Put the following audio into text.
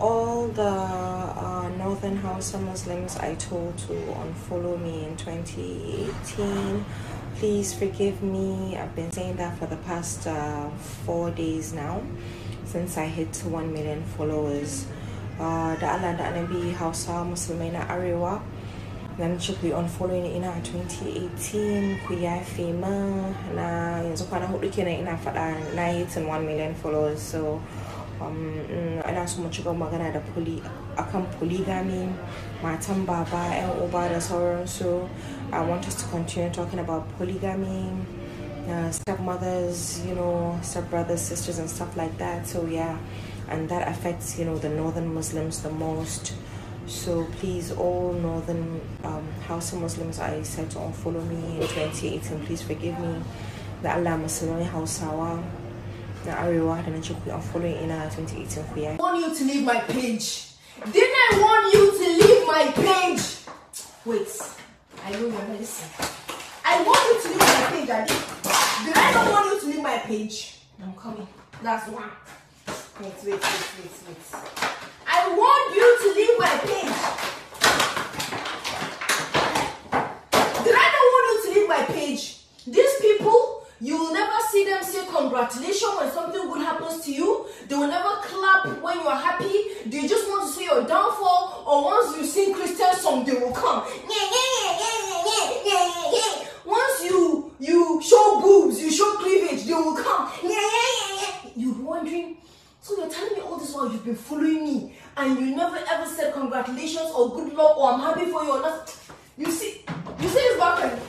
all the uh, Northern Hausa Muslims I told to unfollow me in 2018. Please forgive me. I've been saying that for the past uh, four days now since I hit 1 million followers. Uh, the Allah da Anabi Hausa Muslimina na Arewa. Na ce ku yi unfollow ina 2018 ku yafe min na yanzu kwana hudu kenan ina faɗa na hitin 1 million followers so um, mm, ana so mu ci magana da poli akan polygamy matan baba yan uba da sauransu i want us to continue talking about polygamy uh, stepmothers you know stepbrothers sisters and stuff like that so yeah and that affects you know the northern muslims the most so please all northern um, house muslims i said to unfollow me in 2018 please forgive me the allah muslim hausawa I arewa and na ce following in our 2018 ku I want you to leave my page didn't I want you to leave my page wait I know you're not listening I want you to leave my page Adi. did I not want you to leave my page I'm coming that's one wait wait wait wait wait I want you to leave congratulation when something good happens to you. They will never clap when you are happy. They just want to see your downfall. Or once you sing Christian song, they will come. Once you you show boobs, you show cleavage, they will come. You're wondering. So you're telling me all this while you've been following me, and you never ever said congratulations or good luck or I'm happy for you or not. You see, you see this back